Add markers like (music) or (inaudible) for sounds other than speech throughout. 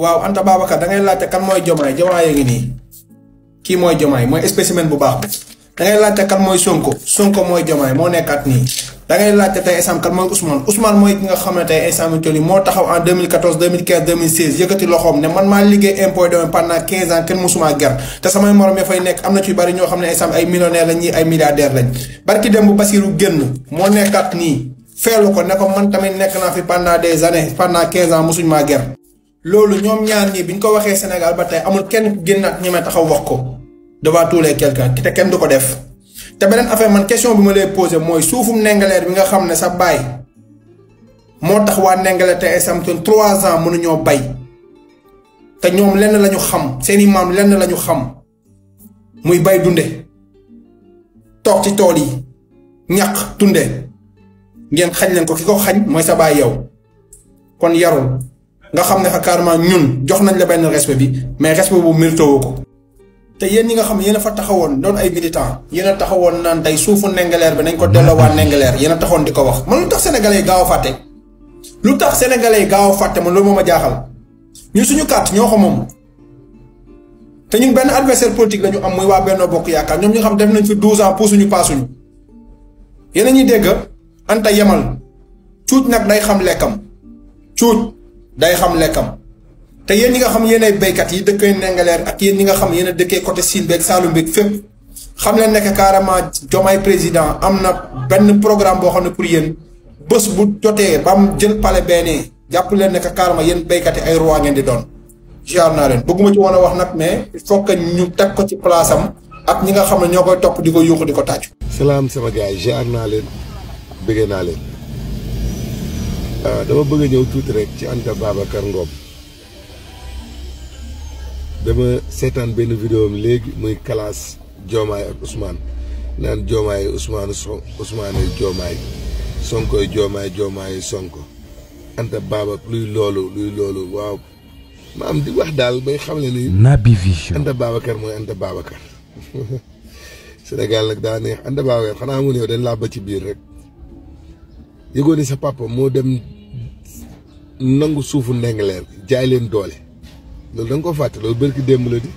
waaw Anta Babacar da ngay laajte kan mooy Jomaay Jomaay a ngi mooy Jomaay bu baax bi da ngay laajte kan mooy Jomaay moo nekkaat nii da ngay tey instant kan mooy Ousmane Ousmane mooy nga xam ne tey instant kenn musuma ger te samay morom ya fay nekk am na ci bari ñoo xam ne instant ay millionnaire lañ ñii ay milliardaire lañ barki dem bu Basiru génn moo nekkaat nii feelu ko ne ko man tamit nekk naa fi pendant des années pendant 15 ans musuñ maa ger loolu ñoom ñaan ñii bi ñu ko waxee Sénégal ba tey amul kenn génn ak ñi may taxaw wax ko devant tous les quelqu'un te kenn du ko def te beneen affaire man question bi ma lay posé mooy suufum nengaleer bi nga xam ne sa baay moo tax waa nengaleer te ay samtoon trois ans mënuñoo bay te ñoom lenn lañu xam seeni maam lenn lañu xam muy bay dunde toog ci tool yi ñaq dunde ngeen xañ leen ko ki ko xañ mooy sa baay yow kon yarul nga xam ne carrément ñun jox nañ la benn respect bi mais respect boobu mérité woo ko. te yéen ñi nga xam ne yéen a fa taxawoon doon ay militant yéen a taxawoon naan tey suufu nengaleer bi nañ ko delloowaat nengaleer yéen a taxoon di ko wax man lu tax sénégalais gaaw a fàtte. lu tax sénégalais yi gaaw a fàtte man loolu moom a jaaxal ñu suñu carte ñoo ko moom te ñu benn adversaire politique la ñu am muy waa Benno Bokk Yaakaar ñoom ñu xam def nañ fi 12 ans pousuñu yéen a ñuy dégg anta yemal cuuc day xam lekkam cuuc. day xam lekkam te yéen ñi nga xam yéen ay béykat yi dëkkee Ndingler ak yéen ñi nga xam yéen a dëkkee côté Sine beeg Saalum beeg fépp xam leen nekk carrément Diomaye président am na benn programme boo xam ne pour yéen bës bu jotee ba mu jël pale benn jàpp leen nekk carrément yéen béykat yi ay roi ngeen di doon. jaar naa leen wax nag mais il ñu teg ko ci place am ak ñi nga xam ne ñoo koy topp di ko yuuxu di ko tàcc. salaam sama gars naa leen bëggee naa leen. Euh, dama bëgg a ñëw tuuti rek ci Anta Babacar Ngom dama seetaan benn vidéo am léegi muy kalaas joomaay ak Ousmane naan Diomaye Ousmane so Ousmane Diomaye Sonko Diomaye Diomaye Sonko Anta Babacar luy loolu luy loolu waaw ma am di wax daal bay xam ne ni. Naby Vision Anta Babacar mooy Anta Babacar (laughs) Sénégal nag daa neex Anta Babacar xanaa mu ne yow dañ laa ci biir rek. yëgoon ni sa papa moo dem nangu suufu ndengaleer jaay leen doole loolu da ko fàtte loolu bërki démb la di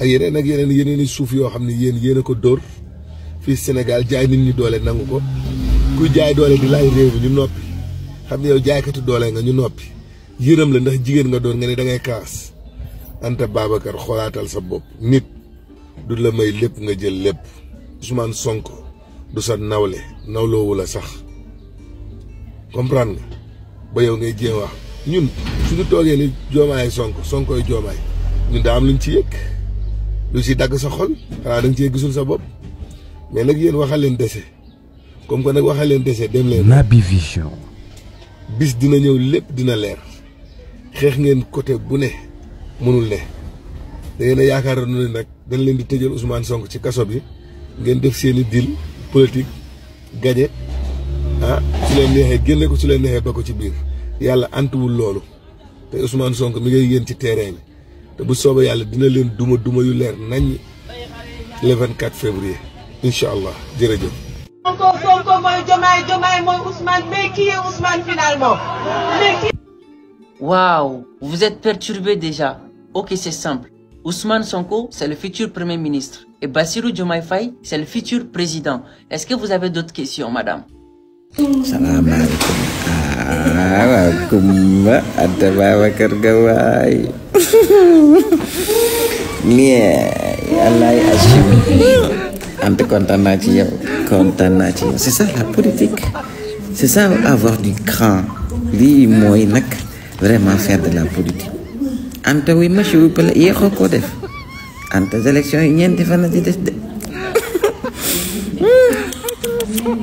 ak yeneen ak yeneen yeneen suuf yoo xam ne yéen yéen a ko dóor fii Sénégal jaay nit ñi doole nangu ko kuy jaay doole di laaj réew ñu noppi xam ne yow jaaykatu doole nga ñu noppi yërëm la ndax jigéen nga doon nga ne da ngay kaas Anta Babacar xoolaatal sa bopp nit du la may lépp nga jël lépp Ousmane Sonko du sa nawle nawloowu la sax comprendre nga ba yow ngay jéem wax ñun suñu toogee ni joomaay sonko sonkooy joomaay ñun daa am luñ ci yëg lu ci dagg sa xol xanaa da nga cee gisul sa bopp mais nag yéen waxal leen dese comme que nag waxal leen dese dem leen. Naby Vision. bis dina ñëw lépp dina leer xeex ngeen côté bu ne mënul ne da yaakaar a yaakaar ne nag dañ leen di tëjal Ousmane sonk ci kaso bi ngeen def seeni deal politique gaje ah su leen neexee ko ci leen neexee ba ko ci biir yàlla antuwul loolu te Ousmane Sonko mi ngay yéen ci terrain te bu soba yalla dina len duma duma yu leer nañ le 24 février inshallah allah jërëjëf. Sonko Sonko mooy Jomaay Jomaay moy Ousmane mais qui est Ousmane finalement mais vous êtes perturbé déjà ok c'est simple Ousmane Sonko c'est le futur premier ministre et Bassirou Diomaye Faye c'est le futur président est-ce que vous avez d'autres questions madame Assalamualaikum. Assalamualaikum ah, mbak ada bawa kerja wae. Nia, alai asyik. Ante kontan aja, ya. kontan aja. C'est la politik. Sisa avoir du cran. Li moy nak vraiment faire de la politique. Ante wi ma shi wupal yexo ko def. Ante élection yi ñent di def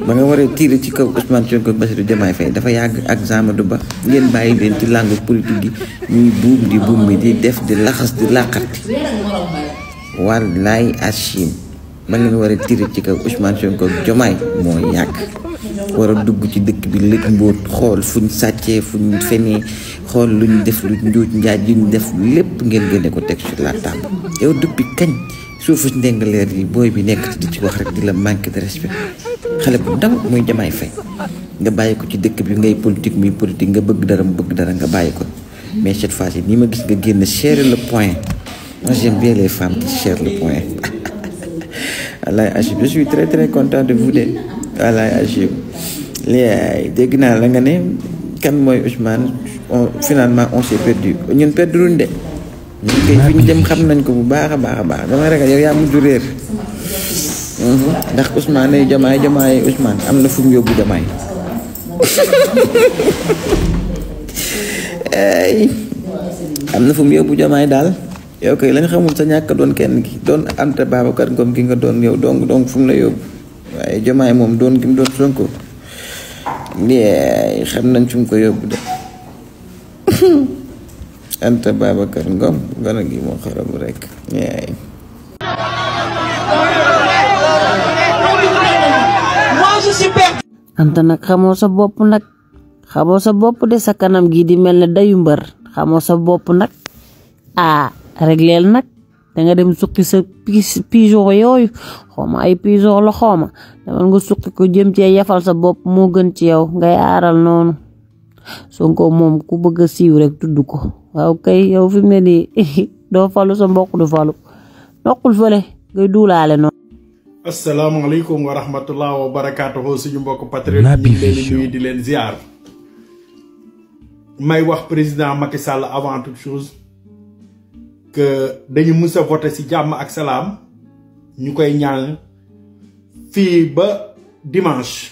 ba nga war a tiire ci kaw Ousmane Sonko ak Bassirou Diomaye Faye dafa yàgg ak du Ba ngeen bàyyi leen ci làngu politique gi ñuy buum di buum bi di def di laxas di làqarti wallaay Achim ba ngeen war tiire ci kaw Ousmane Sonko ak Diomaye moo yàgg wara dugg ci dëkk bi lëg mbóot xool fuñ sàccee fu ñu fenee xool luñ def lu njuuj njaaj yuñ def lépp ngeen génne ko teg sur la table yow depuis kañ ndeng leer yi boy bi nekk ci ci wax rek di la manqué de respect xale bu ndaw muy jamaay fay nga bàyyi ci dëkk bi ngay politique muy politique nga bëgg dara mu bëgg dara nga bàyyi mais cette fois ci nii ma gis nga génn serrer le point moi j'aime bien les femmes qui serrent le point je suis très très content de vous de dégg naa la nga ne kan mooy Ousmane finalement on s'est perdu ñun de ñu koy fi ñu jëm xam nañ ko bu baax a baax a baax damay ragal yow yaa mujj réer. Mhm. ndax Ousmane jamaay jamaay Ousmane am na fu mu yóbbu jamaay. (laughs) am na fu mu yóbbu jamaay daal yow kay lañ xamul sa ñàkk doon kenn gi doon Anta Babacar Ngom gi nga doon yow dong dong fu mu la yóbbu waaye jamaay moom doon gi mu doon Sonko xam nañ fu ko yóbbu de. (laughs) anta babakar ngom gana gi mo xaram rek yaay anta nak xamo sa bop nak xamo sa bop de sa kanam gi di melni dayu mbër xamo sa nak a ah nak da nga dem suqi sa pigeon yoy xoma ay pigeon la xooma demal nga suqi ko jëm ci yafal sa bop mo gën ci yow ngay aral non Sonko mom ku bëgg rek tuddu ko waaw kay yow fi mu ne (laughs) doo falu sa mbokk du falu noqul fële ngay duulaale noonu asalaamaaleykum wa rahmatullah wa barakaatuhu suñu mbokk patriote yi leen nuyu di leen ziar may wax président Macky Sall avant toute chose que dañu mus a voté si jàmm ak salaam ñu koy ñaan fii ba dimanche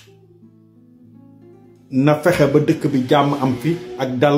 na fexe ba dëkk bi jàmm am fi ak dal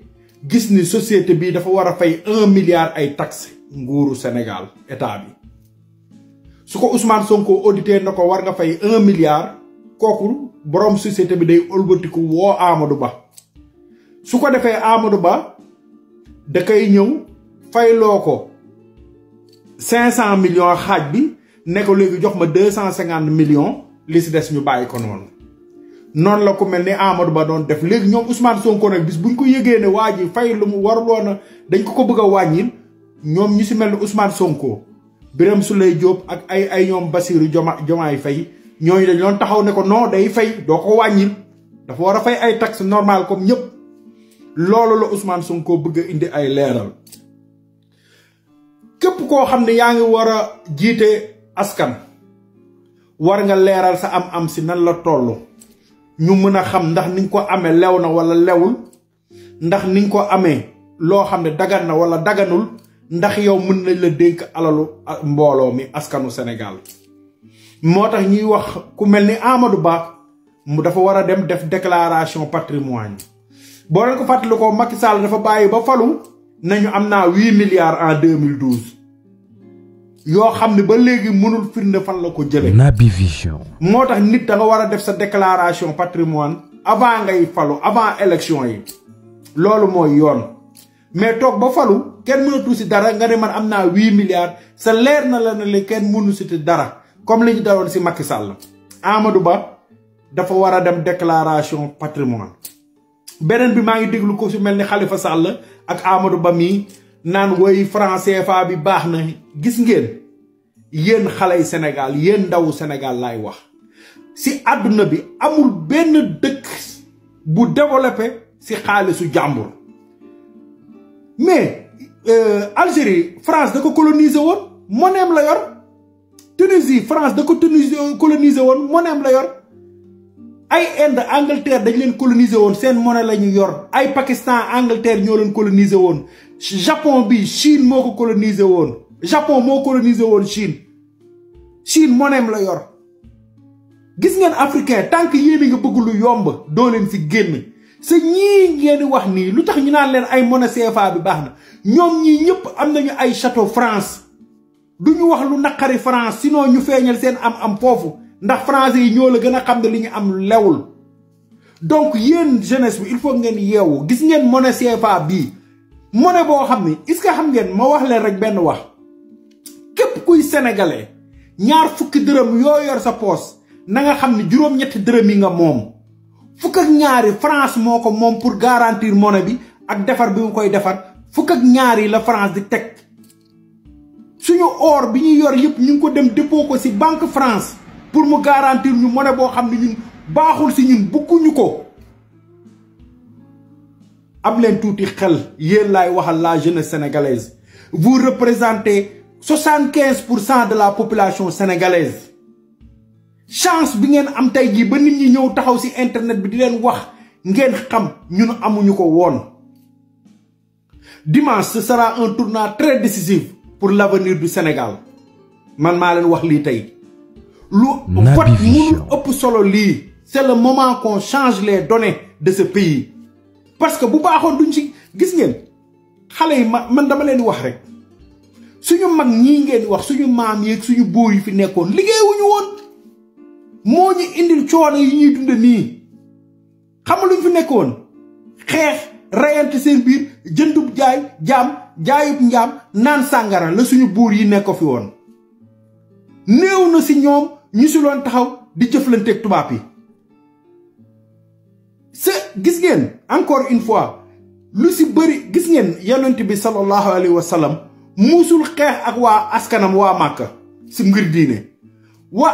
gis ni société bi dafa wara fay 1 milliard ay taxe nguru senegal état bi suko ousmane sonko auditer nako war nga fay 1 milliard kokul borom société bi day olbertiku wo amadou ba suko defé amadou ba da kay ñew fay loko 500 millions xaj bi ne ko legui jox ma 250 millions li ci dess ñu bayiko noonu la ko mel ni Amadou Ba doon def léegi ñoom usmaan sonkoo nag bis buñ ko yëgee ne waa ji fay lu mu waruloon a dañ ko ko bëgg a wàññil ñoom ñu si mel ni Ousmane Sonko Birame Souleye jóob ak ay ay ñoom Bassirou Joma Jomaay Faye ñooñu dañ doon taxaw ne ko noo day fay doo ko wàññil dafa war a fay ay taxes normales comme ñëpp loolu la Ousmane Sonko bëgg indi ay leeral képp koo xam ne yaa ngi war a jiite askan war nga leeral sa am-am si nan la toll. ñu mën a xam ndax niñ ko amee lew na wala lewul ndax niñ ko amee loo xam ne dagan na wala daganul ndax yow mën nañ la dénk alalu mbooloo mi askanu Sénégal moo tax ñuy wax ku mel ni Amadou Ba mu dafa war a dem def déclaration patrimoine boo leen ko fàttalikoo Macky Sall dafa bàyyi ba falu nañu am naa huit milliards en 2012 yoo xam ne ba léegi mënul firnde fan la ko jëlee. Naby Vision. moo tax nit da war a def sa déclaration patrimoine avant ngay falu avant élection yi loolu mooy yoon mais toog ba falu kenn mënatu si dara nga ne man am naa huit milliards sa leer na la ne la kenn mënul si dara comme li ñu si Macky Sall. Amadou Ba dafa war a dem déclaration patrimoine beneen bi maa ngi déglu ko si mel ni xalifa sàll ak Amadou Ba mii. naan woy franc CFA bi baax na gis ngeen yéen xale yi Sénégal yéen ndawu senegal lay wax si àdduna bi amul benn dëkk bu développé si xaalisu jàmbur mais euh, Algérie France da ko coloniser woon moneem la yor Tunisie France da ko coloniser woon moneem la yor ay Inde Angleterre dañ leen coloniser woon seen monnaie la ñu yor ay Pakistan Angleterre ñoo leen coloniser woon Japon bi Chine moo ko coloniser woon Japon moo coloniser woon Chine Chine moneem la yor gis ngeen africain tant que yéen a nga lu yomb doo leen si génn sa ñii ngeen di wax nii lu tax ñu naan leen ay monnaie CFA bi baax na ñoom ñii ñëpp am nañu ay château France du ñu wax lu naqari France sinon ñu feeñal seen am-am foofu. ndax français yi ñoo la gën a xam ne li ñu am lewul donc yéen jeunesse bi il faut ngeen yeewu gis ngeen monnaie CFA bii monnaie boo xam ni est ce que xam ngeen ma wax leen rek benn wax képp kuy sénégalais ñaar fukki dërëm yoo yor sa poos na nga xam ni juróom-ñetti dërëm yi nga moom fukk ak ñaari France moo ko moom pour garantir monnaie bi ak defar bi mu koy defar fukk ak ñaari la France di teg suñu or bi ñu yor yëpp ñu ngi ko dem dépôt ko si banque France pour me garantir ñu monnaie bo xamni ñun baaxul ci ñun bëgguñu ko am leen touti xel yéen lay waxal la jeunesse sénégalaise vous représentez 75% de la population sénégalaise chance bi ngeen am tay jii ba nit ñi ñew taxaw si internet bi di leen wax ngeen xam ñun amuñu ko woon dimanche ce sera un tournant très décisif pour l'avenir du Sénégal man ma leen wax li tay c'est le moment qu'on change les données de ce pays parce que bu baaxoon duñ ci gis ngeen xale ma man dama leen wax rek suñu mag ñii ngeen wax suñu maam yeeg suñu bóor yi fi nekkoon liggéeyuñu woon moo ñu indil coono yi ñuy dund nii xam luñ fi nekkoon xeex rayante seen biir jëndub jaay jaam jaayub njaam naan sàngara la suñu buur yi fi woon néew na si ñoom ñu si loon taxaw di jëflanteeg tubaab yi se gis ngeen encore une fois lu si bëri gis ngeen yonent bi sallallahu alayhi wa sallam musul xeex ak waa askanam waa Màkka si ngir diine wa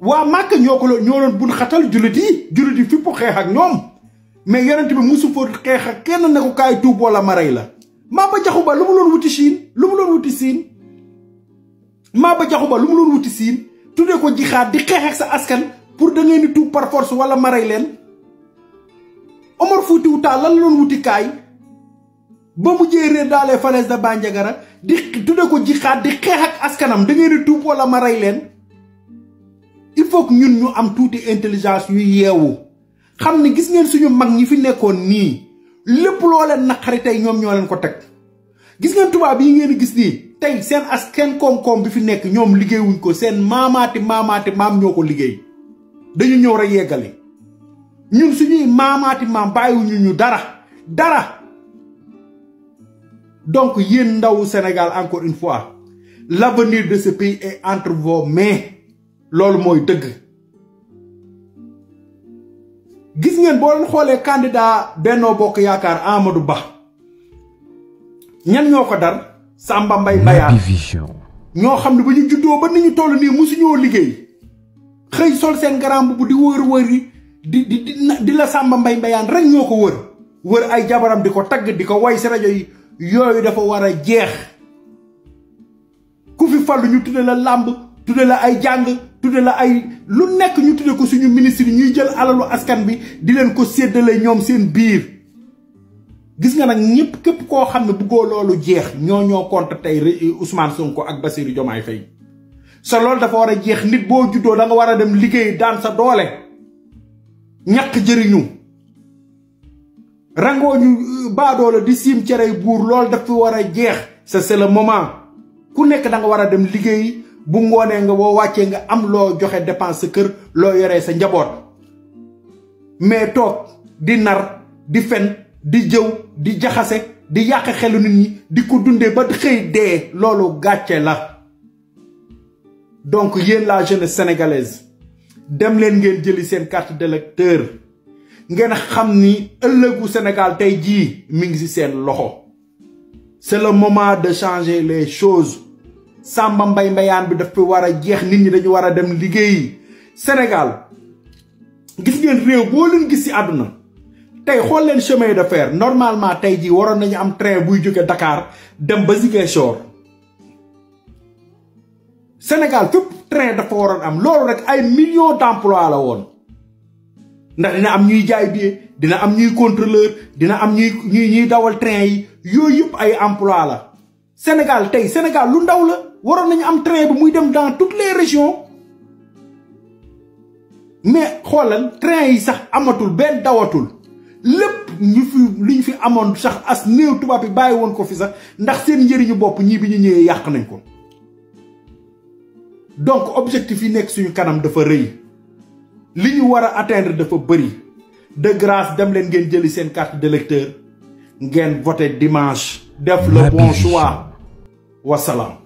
waa Màkka ñoo ko ñoo xatal mais yonent bi musul fa xeex ak kenn ne ko kaay tuub wala la Jaxu Ba lu mu wuti lu mu Ma Diakhou Ba lu mu doon wuti sin tudé ko jihad di xex ak sa askan pour da ngeen di par force wala maray len Omar fouti Tall lan la doon wuti kay ba mu jéré dalé falaise de Bandiagara di tudé ko jihad di xex ak askanam da ngeen di tuub wala maray len il faut que ñun ñu am touti intelligence yu yewu xamni gis ngeen suñu mag ñi fi nekkon ni lepp loo leen naqari tey ñoom ko tek gis ngeen tuba bi ngeen gis ni tey sen asken kom kom bi fi nekk ñoom liggéeyuñ ko sen mamati mamati mam ñoko ko dañu ñëw ra yeggale ñun suñuy mamati mam bàyyiwuñu ñu dara dara donc yeen ndawu Sénégal encore une fois l'avenir de ce pays est entre vos mains lool moy dëgg gis ngeen bo leen xolé candidat Benno Bokk yaakar Amadou Ba ñan ñoko dar Samba Mbay Bayar division ño xamni ba juddo ba niñu tollu ni musu ñoo liggey xey sol sen grand bu di wër wër yi di di di di la Samba Mbay bayan rek ñoo ko wër wër ay jabaram diko tag diko way ci radio yi yooyu dafa wara jeex ku fi fallu ñu tudde la lamb tudde la ay jang tudde la ay lu nekk ñu tudde ko suñu ministre ñuy jël alalu askan bi di len ko séddale ñom sen biir gis nga nak ñepp kep ko xamne ne buggoo lolu jeex ñoo ñoo contre tay Ousmane Sonko ak Bassirou Diomaye Faye sa lol dafa wara jeex nit bo juddo da nga wara dem liggey daan sa doole ñak jëriñu rango ñu euh, doole di ci ray bur lol dafa wara jeex sa c'est le moment ku nekk da nga wara dem liggey bu ngone nga bo wacce nga am lo joxe dépense keur lo loo yoree sa njabot mais tok di nar di fen di jëw di jaxase di yàq xelu nit ñi di ko dundee ba xëy dee loolu gàcce la donc yéen la jeunesse sénégalaise dem leen ngeen jëli seen carte d'électeur ngeen xam ni ëllëgu Sénégal tey jii mi ngi ci seen loxo c'est le moment de changer les choses Samba Mbaye Mbayaan bi daf fi war a jeex nit ñi dañu war a dem liggéeyi Sénégal gis ngeen réew boo leen gis ci àdduna tey xool leen chemin de fer normalement tey ji waroon nañu am train buy jóge Dakar dem ba Ziguinchor Sénégal fépp train dafa waroon am loolu rek ay millions d'emplois la woon ndax dina am ñuy jaay billet dina am ñuy contrôleur dina am ñuy ñuy ñuy dawal train yi yooyu yëpp ay emploi la Sénégal tey Sénégal lu ndaw la waroon nañu am train bi muy dem dans toutes les régions mais xoolal train yi sax amatul benn dawatul lépp ñu fi liñ fi amoon sax as néew tubaab yi bàyyi woon ko fi sax ndax seen njëriñu bopp ñii bi ñu ñëwee yàq nañ ko donc objectif yi nekk suñu kanam dafa rëy li ñu war a atteindre dafa bëri de grâce dem leen ngeen jëli seen carte d'électeur ngeen voté dimanche def le bon choix wasalaam